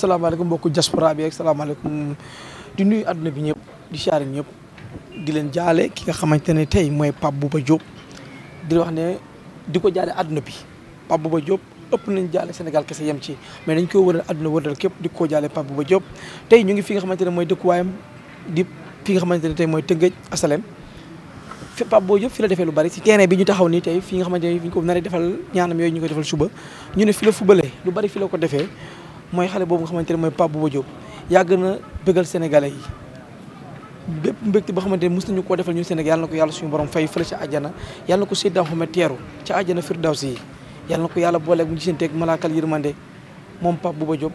salaamaaleykum mbokku diaspora bi ak salaamaaleykum di nuyu àdduna bi ñëpp di siyaare ñëpp di leen jaale ki nga xamante ne tey mooy Pape ba Diop di wax ne di ko jaale àdduna bi Pape Bouba Diop ëpp nañ jaale Sénégal kese yem ci mais dañ koy wëral àdduna wëral képp di koo jaale Pape Bouba Diop tey ñu ngi fi nga xamante ne mooy dëkkuwaayam di fi nga xamante ne tey mooy Tëngëj Asalem fi Pape Bouba Diop fi la defee lu bari si terrain bi ñu taxaw nii tey fi nga xamante ne fi ñu ko naree ñu koy defal suba ñu ne fi la fubalee lu bari fi la ko defee mooy xale boobu nga xamante ne mooy Pape Bouba Diop yàgg na bëggal sénégalais yi bépp mbégte xamante ne koo defal ñun Sénégal yàlla ko yàlla suñu borom fay fële ca àjjana yàlla na ko Seydina Muhammad teeru ca àjjana Firdawsi yi yàlla na ko yàlla booleeg mu gisanteeg malaakal yërmande moom Pape Bouba Diop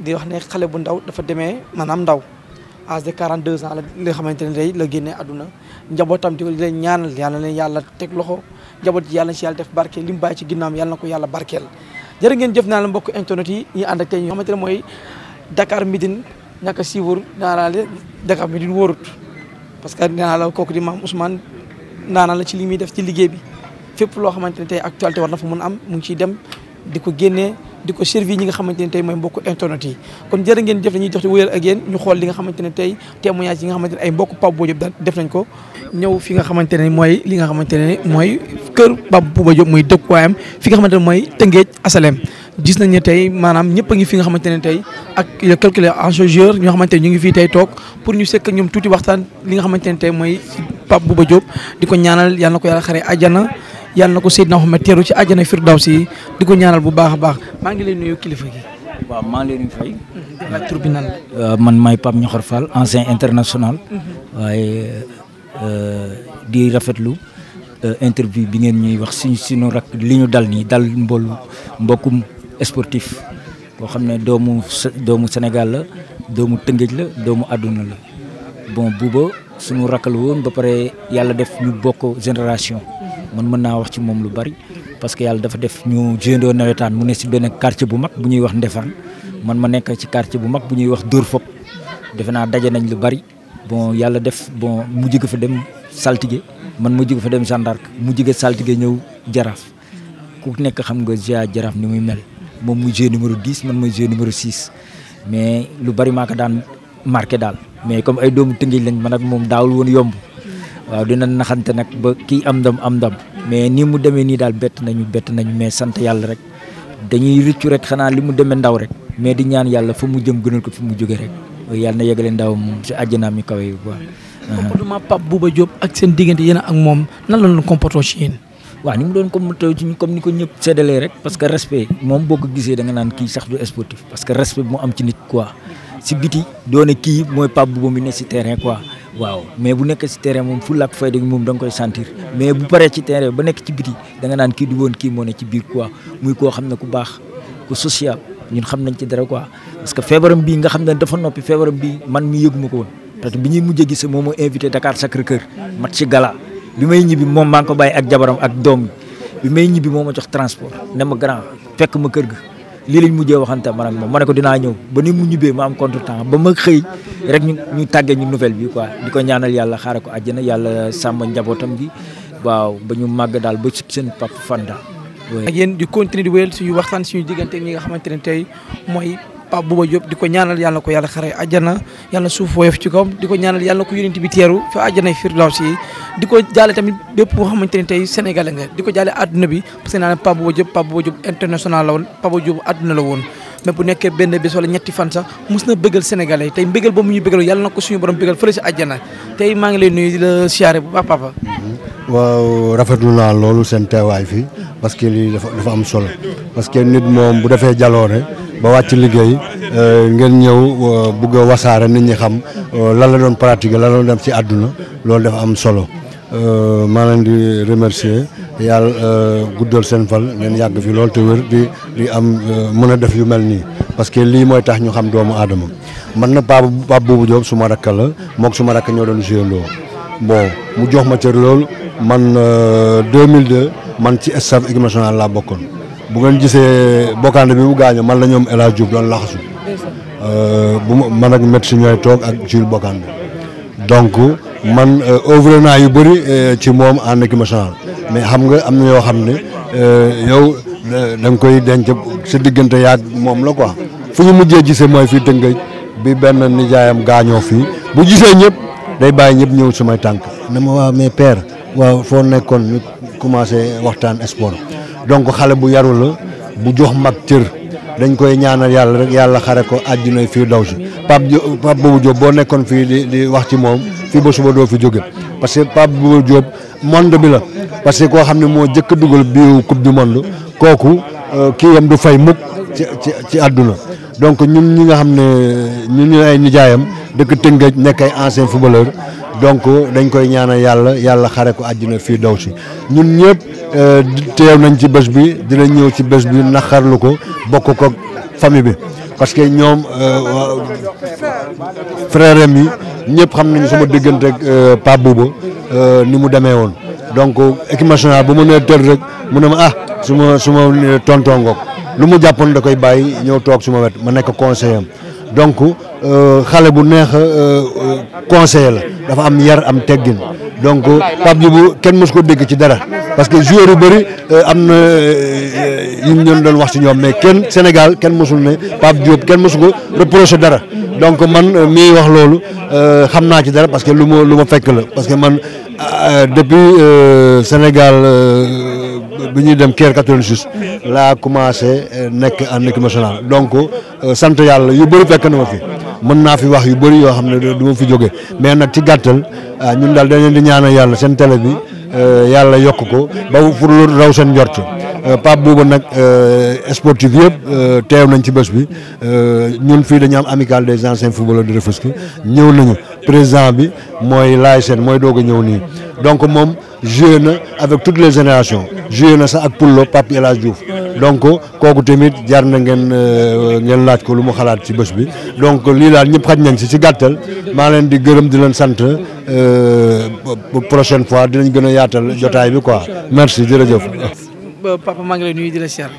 di wax ne xale bu ndaw dafa demee maanaam ndaw âge de 42 ans la xamante ne tey la génne àdduna njabootam di leen na yàlla na yàlla teg loxo njaboot ji yàlla na si yàlla def barkeel li mu bàyyi ci ginnaawam yàlla na ko yàlla barkeel jërë ngeen jëf naa la mbokk internet yi ñuy ànd ak tey ñu xamante ne mooy Dakar Midi ñàkk a siiwur naa la Dakar Midi wóorut parce que naa la kooku di maam Ousmane naa la ci li muy def ci liggéey bi fépp loo xamante ne tey actualité war na fa mën am mu ngi ciy dem di ko génnee di ko servir ñi nga xamante ne tey mooy mbokk internet yi kon jërë ngeen jëf dañuy jox di wéyal ak yéen ñu xool li nga xamante ne tey témoignage yi nga ne ay mbokku Pape Bouba Diop daal def ko ñëw fi nga xamante ne mooy li nga xamante ne mooy kër Pape Bouba Diop muy dëkkuwaayam fi nga xamante ne mooy Tëngéej Asalem gis nañ ne tey maanaam ñëpp a ngi fi nga xamante ne tey ak le calculé en changeur ñoo xamante ne ñu ngi fii tey toog pour ñu sekk ñoom tuuti waxtaan li nga xamante ne tey mooy Pape Bouba Diop di ko ñaanal yàlla na ko yàlla xare àjjana yàlla na ko Seydina Muhammad teeru ci àjjana si di ko ñaanal bu baax baax maa ngi leen nuyu kilifa gi. waaw maa ngi leen fay. laaj tur bi nan la. Euh, man maay Pape Ñoxor Fall ancien international. Mm-hmm. waaye euh, di rafetlu. Euh, interview bi ngeen ñuy wax suñ suñu rak li ñu dal nii dal mboolu mbokkum sportif koo xam ne doomu doomu Sénégal la doomu Tëngéej la doomu àdduna la bon buuba suñu rakal woon ba pare yàlla def ñu bokk génération man mën naa wax ci moom lu bari parce que yàlla dafa def ñu jëndoo nawetaan mu ne si benn quartier bu mag bu ñuy wax Ndefaan man ma nekk ci quartier bu mag bu ñuy wax Dóor Fop defe naa daje nañ lu bari bon yàlla def bon mu jig fa dem saltige man mu jig fa dem gendarme mu jige saltige ñëw jaraaf ku nekk xam nga ja jaraaf ni muy mel moom muy jeu numéro 10 man ma jeu numéro 6 mais lu bari maa ko daan marqué daal mais comme ay doomu tëngéej lañ man ak moom daawul woon yomb waaw dina naxante nag ba kii am ndam am ndam mais ni mu demee nii daal bett nañu bett nañu mais sant yàlla rek dañuy rëccu rek xanaa li mu demee ndaw rek mais di ñaan yàlla fa mu jëm gënal ko fi mu jóge rek yàlla na yegale ndaw moom si naa mi kawe yi quoi. comportement Pape Bouba Diop ak seen diggante ak moom nan la doon comportement ci yéen. waaw ni mu doon comportement ci comme ni ko ñëpp séddalee rek parce que respect moom boo ko gisee da naan kii sax du sportif parce que respect mu am ci nit quoi si biti doone kii mooy Pape Bouba mi ne si terrain quoi. waaw mais bu nekk si terrain moom fulla ak fayda moom da nga koy sentir mais bu paree ci terrain ba nekk ci biti da nga naan kii du woon kii moo ne ci biir quoi muy koo xam ne ku baax ku social ñun xam nañ ci dara quoi parce que feebaram bii nga xam ne dafa noppi feebaram bii man mi yëguma ko woon parce que bi ñuy mujjee moom moo invité Dakar Sacré Cœur mat ci gala bi may ñibbi moom maa ngi ko bàyyi ak jabaram ak doom bi may ñibbi moo ma jox transport ne ma grand fekk ma kër ga lii lañ mujjee waxante man ak moom ma ne ko dinaa ñëw ba ni mu ñibbee ma am contretemps ba ma xëy rek ñu ñu tàggee ñu nouvelle bi quoi di ko ñaanal yàlla xaaral ko àjjana yàlla sàmm njabootam gi waaw ba ñu màgg daal ba seen pap fan ak yéen di continuer di wéyal suñu waxtaan suñu diggante ñi nga xamante ne tey mooy Pape Bouba di ko ñaanal yàlla ko yàlla xare àjjana yàlla suuf woyof ci kawam di ko ñaanal yàlla ko yonent bi teeru fa àjjana firdawsi yi di ko jaale tamit bépp boo xamante ne tey sénégalais nga di ko jaale àdduna bi parce que naa ne Pape Bouba Diop Pape Bouba Diop international la woon Pape Bouba Diop àdduna la woon bu nekkee benn bés wala ñetti fan sax mus na bëggal sénégalais yi tey mbëggal ba mu ñu bëggal yàlla na ko suñu borom bëggal fële si àjjana tey maa ngi lay nuyu di la siyaare bu baax papa. Mhm. waaw rafetlu naa loolu seen teewaay fii parce que lii dafa dafa am solo parce que nit moom bu defee jaloore ba wàcc liggéey euh, ngeen ñëw euh, bugg a wasaare nit ñi xam euh, lan la doon pratiquer lan la doon dem ci àdduna loolu dafa am solo maa leen di remercier yàlla euh, guddal seen fal ngeen yàgg fi loolu te wér di am euh, mën a def yu mel nii parce que lii mooy tax ñu xam doomu aadama man na Pape Pape bu Diop suma ma rakk la moog su ma rakk ñoo doon joué loo bon mu jox ma cër lool man 2002 euh, man ci staff équipe nationale laa bokkoon bu ngeen gisee bokkaande bi mu gaañoo man la ñoom El Hadj Diouf doon laxasu bu man ak médecin ñooy toog ak Jules Bokkaande donc man œuvre naa yu bëri ci moom en équipe nationale mais xam nga am na yoo xam ne euh, yow euh, dañ koy denc sa diggante yaag moom la quoi fu ñu mujjee gisee mooy fii Tëngéej bi benn nijaayam gaañoo fii bu gisee ñëpp day bàyyi ñëpp ñëw sumay tànk na ma waaw mais père waaw foo nekkoon ñu commencé waxtaan sport donc xale bu yaru bu jox mag cër dañ koy ñaanal yàlla rek yàlla xare ko àjjuna fii daw si Pape Pape boobu Diop boo nekkoon fii di di wax ci moom fii ba suba doo fi jóge parce que Pape Bouba Diop monde bi la parce koo xam ne moo jëkk a dugal biiw coupe du monde kooku euh, kii yam du fay mukk ci ci ci àdduna donc ñun ñi nga xam ne ñu ñu ay nijaayam dëkk Tëngéej nekk ay ancien footballeur donc dañ koy ñaanal yàlla yàlla xare ko àjjana fii daw si ñun ñëpp euh, teew nañ ci bés bi dina ñëw ci bés bi xarlu ko bokk ko famille bi parce que ñoom euh, frère am yi ñëpp xam nañu sama diggante ak boobu euh, Bouba euh, ni mu demee woon donc équipe nationale bu ma nee tëdd rek mu ne ma ah su ma su ma lu mu jàppoon da koy bàyyi ñëw toog suma ma wet ma nekk conseiller am donc xale bu neex conseiller la dafa am yar am teggin donc Pape Bouba kenn mos ko dégg ci dara. parce que joueur yu bëri euh, am na euh, yu ñu leen doon wax ci ñoom mais kenn Sénégal kenn mosul ne Pape Diop kenn mosu ko reproché dara donc man euh, mii wax loolu xam naa ci dara parce que lu ma lu ma fekk la parce que man depuis Sénégal bu ñuy dem Caire 86 laa commencé nekk en équipe nationale donc sant yàlla yu bëri fekk na ma fi mën naa fi wax yu bëri yoo xam ne du ma fi jóge mais nag ci gàttal ah, ñun daal dañ leen di ñaanal yàlla seen télé bi. Euh, yàlla yokk ko ba fu raw seen njort euh, Pape Bouba nag euh, sportif yëpp teew nañ ci bés bi ñun fii dañu am amicale des anciens footballeurs de Rufisque ñëw nañu président bi mooy laay seen mooy doog a ñëw nii donc moom joué na avec toutes les génération joué na sax ak Pullo Pape El Hadj Diouf donc kooku tamit jar na ngeen euh, ngeen laaj ko lu mu xalaat ci bës bi donc lii daal ñëpp xaj nañ si si gàttal maa leen di gërëm di leen sant euh, prochaine fois dinañ gën a yaatal jotaay bi quoi merci jërëjëf. Euh, papa maa ngi leen nuyu di la ziar.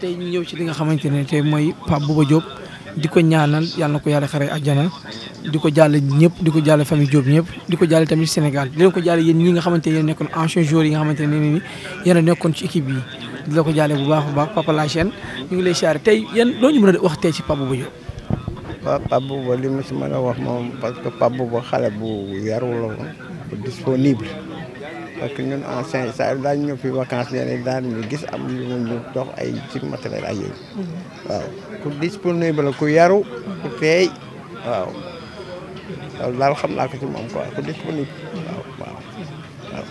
tey ñëw ci li nga xamante ne tey mooy Pape Bouba Diop. di ko ñaanal yàlla na ko yàlla xare àjjana di ko jàll ñëpp di ko jàll famille Diop ñëpp di ko jàll tamit Sénégal di leen ko jàll yéen ñi nga xamante ne yéen nekkoon anciens joueurs yi nga xamante ne ni yéen a nekkoon ci équipe yi di la ko jaalee bu baax a baax Papa La Chaîne ñu ngi lay siyaare tey yéen loo ñu mën a wax tey ci Pape Bouba Diop waaw Pape Bouba li ma si mën a wax moom parce que Pape Bouba xale bu yaru la woon disponible parce que ñun ancien yi saa daañu ñëw fi vacances léeg-léeg daan ñu gis am lu ñu dox ay ci matériel ak yooyu waaw ku disponible ku yaru ku teey waaw daal xam naa ko ci moom quoi ku disponible waaw waaw waaw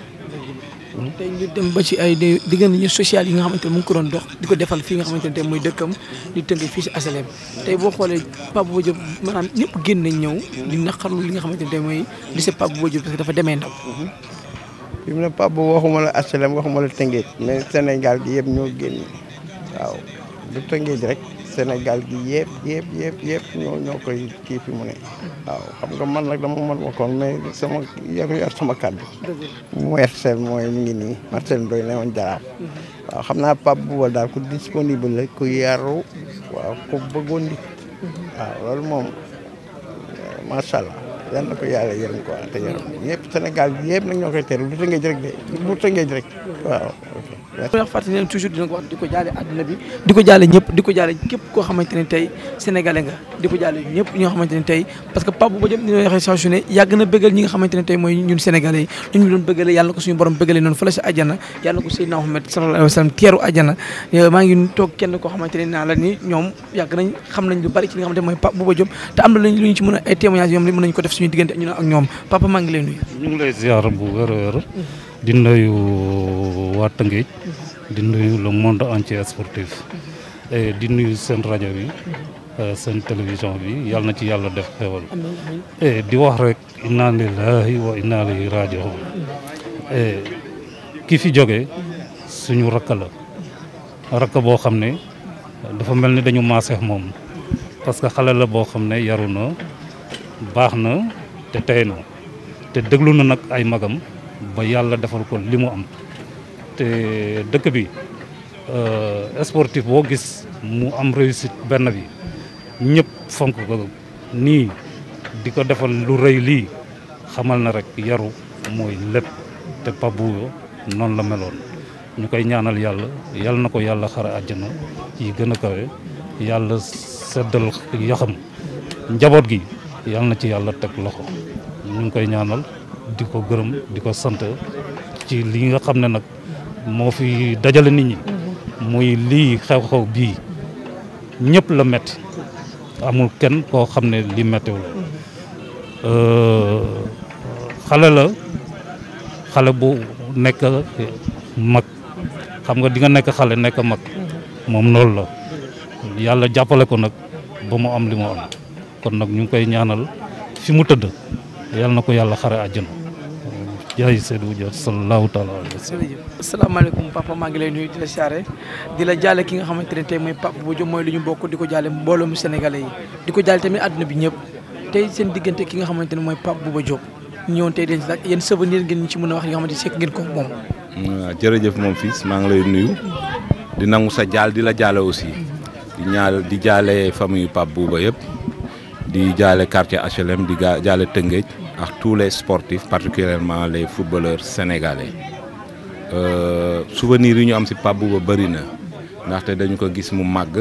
hmm? tey ñu dem ba ci ay diggante ñu social yi nga xamante ne mu ngi ko doon dox di ko defal fii nga xamante ne muy dëkkam ñu tënk fii si HLM tey boo xoolee Pape Bouba Diop maanaam ñëpp génn nañ ñëw di naqarlu li nga xamante ne mooy lycée Pape Bouba Diop parce que dafa demee fi mu ne Pape waxuma la HLM waxuma la Tëngéej mais Sénégal gi yëpp ñoo génn waaw du Tëngéej rek Sénégal gi yëpp yëpp ñoo ñoo koy kii fi mu ne waaw xam nga man nag dama mën waxoon mais sama yor yor sama kàddu Marcel mooy mu ngi nii Marcel Ndoye ne woon jaraaf mhm. waaw xam naa Pape Bouba daal ku disponible la ku yaru waaw ku bëggoon mhm. waaw loolu moom macha yal na ko yàlla yërëm ko te yërëm ñëpp Sénégal yëpp nag ñoo koy teeru du tëngee rek de du tëngee rek waaw wax fàttali leen toujours dina ko wax di ko jaale àddina bi di ko jaale ñëpp di ko jaale ne tey sénégalais nga di ko nga xamante ne tey parce que Pape Bouba Diop dina ne na bëggal ñi nga xamante noonu fële koo xamante ne naa la ni ñoom yàgg nañ xam nañ lu bari ci li nga xamante mooy Pape Bouba Diop te am na lu ñu ci mën a ay témoignage ñoom li mën nañ ko def suñu diggante ak ñun ak ñoom papa maa ngi lay nuyu di yu waa Tëngéej di nuyu le monde entier sportif di nuyu seen rajo bi euh, seen télévision bi yàlla na ci yàlla def xewal di wax rek inna lillahi wa inna ilayhi rajo ki fi jóge suñu rakk la rakk boo xam ne dafa mel ni dañu maaseex moom parce que xale la boo xam ne yaru na baax na te tey na te déglu na nag ay magam ba yàlla defal ko li mu am te dëkk bi euh, sportif boo gis mu am réussite benn bi ñëpp fonk ko nii di ko defal lu rëy lii xamal na rek yaru mooy lépp te Pape Bouba noonu la meloon ñu koy ñaanal yàlla yàlla na ko yàlla xara àjjana yi gën a kawe yàlla seddal yaxam njaboot gi yàlla na ci yàlla teg loxo ñu koy ñaanal di ko gërëm di ko sant ci li nga xam ne nag moo fi dajale nit ñi muy lii xew-xew bii ñëpp la metti amul kenn koo xam ne lii li mettiwul euh, xale la xale bu nekk mag xam nga di nga nekk xale nekk mag moom loolu la yàlla jàppale ko nag ba mu am li mu am kon nag ñu ngi koy ñaanal fi mu tëdd yàlla na ko yàlla xare àjjana yaay Seydou Dia sallallahu taala alayhi wa sallam. asalaamaaleykum papa maa ngi lay nuyu di la siyaare di la jaale ki nga xamante ne tey mooy Pape Boudio mooy lu ñu bokk di ko jaale mbooloomu mu Sénégalais yi di ko jaale tamit àdduna bi ñëpp tey seen diggante ki nga xamante ne mooy Pape Bouba Diop ñëwoon tey dañ si laaj yéen souvenir ngeen ñu ci mën a wax yi nga xamante ne sekk ngi ko moom. waaw jërëjëf moom fii maa ngi lay nuyu di nangu sa jaal di la jaale aussi di ñaal di jaale famille Pape Bouba yëpp di jaale quartier HLM di jaale Tëngéej à tout les sportifs particulièrement les footballeurs sénégalais euh, souvenirs yi ñu am si Pape Bouba bëri na ndaxte dañu ko gis mu màgg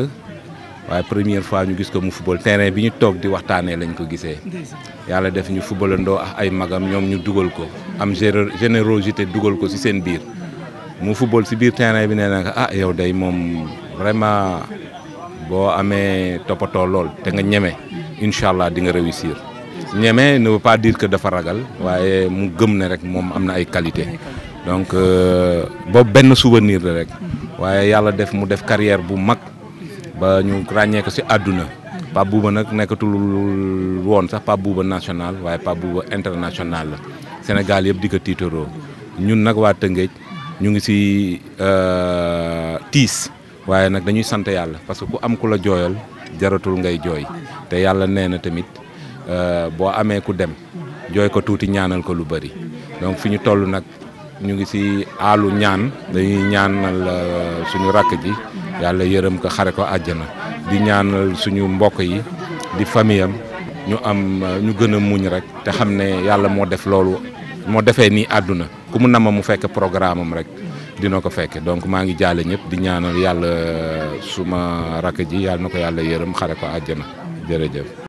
waaye première fois ñu gis ko mu football terrain bi ñu toog di waxtaanee lañ ko gisee yàlla def ñu footballandoo ak ay magam ñoom ñu dugal ko am générosité dugal ko si seen biir mu football si biir terrain bi nee na ah yow day moom vraiment boo amee toppatoo lool te nga ñeme incha allah di nga réussir. ñeme ne veut pas dire que dafa ragal waaye mu gëm ne rek moom am na ay qualité donc euh, boobu benn souvenir la rek waaye yàlla def mu def carrière bu mag ba ñu ràññee ko si àdduna Pape Bouba nag nekkatul woon sax Pape Bouba national waaye Pape Bouba international la Sénégal yëpp di ko tiitaroo ñun nag waa Tëngéej ñu ngi si euh, tiis waaye nag dañuy sant yàlla parce que ku am ku la jooyal jaratul ngay jooy te yàlla nee tamit Euh, boo amee ku dem jooy ko tuuti ñaanal ko lu bëri donc fi ñu toll nag ñu ngi ci aalu ñaan dañuy ñaanal euh, suñu rakk ji yàlla yërëm ko xare ko àjjana di ñaanal suñu mbokk yi di famille ñu am euh, ñu gën a muñ rek te xam ne yàlla moo def loolu moo defee ni àdduna ku mu nama mu fekk programme am rek dina ko fekke donc maa ngi jaale ñëpp di ñaanal yàlla suma rakk ji yàlla na ko yàlla yërëm xare ko àjjana jërëjëf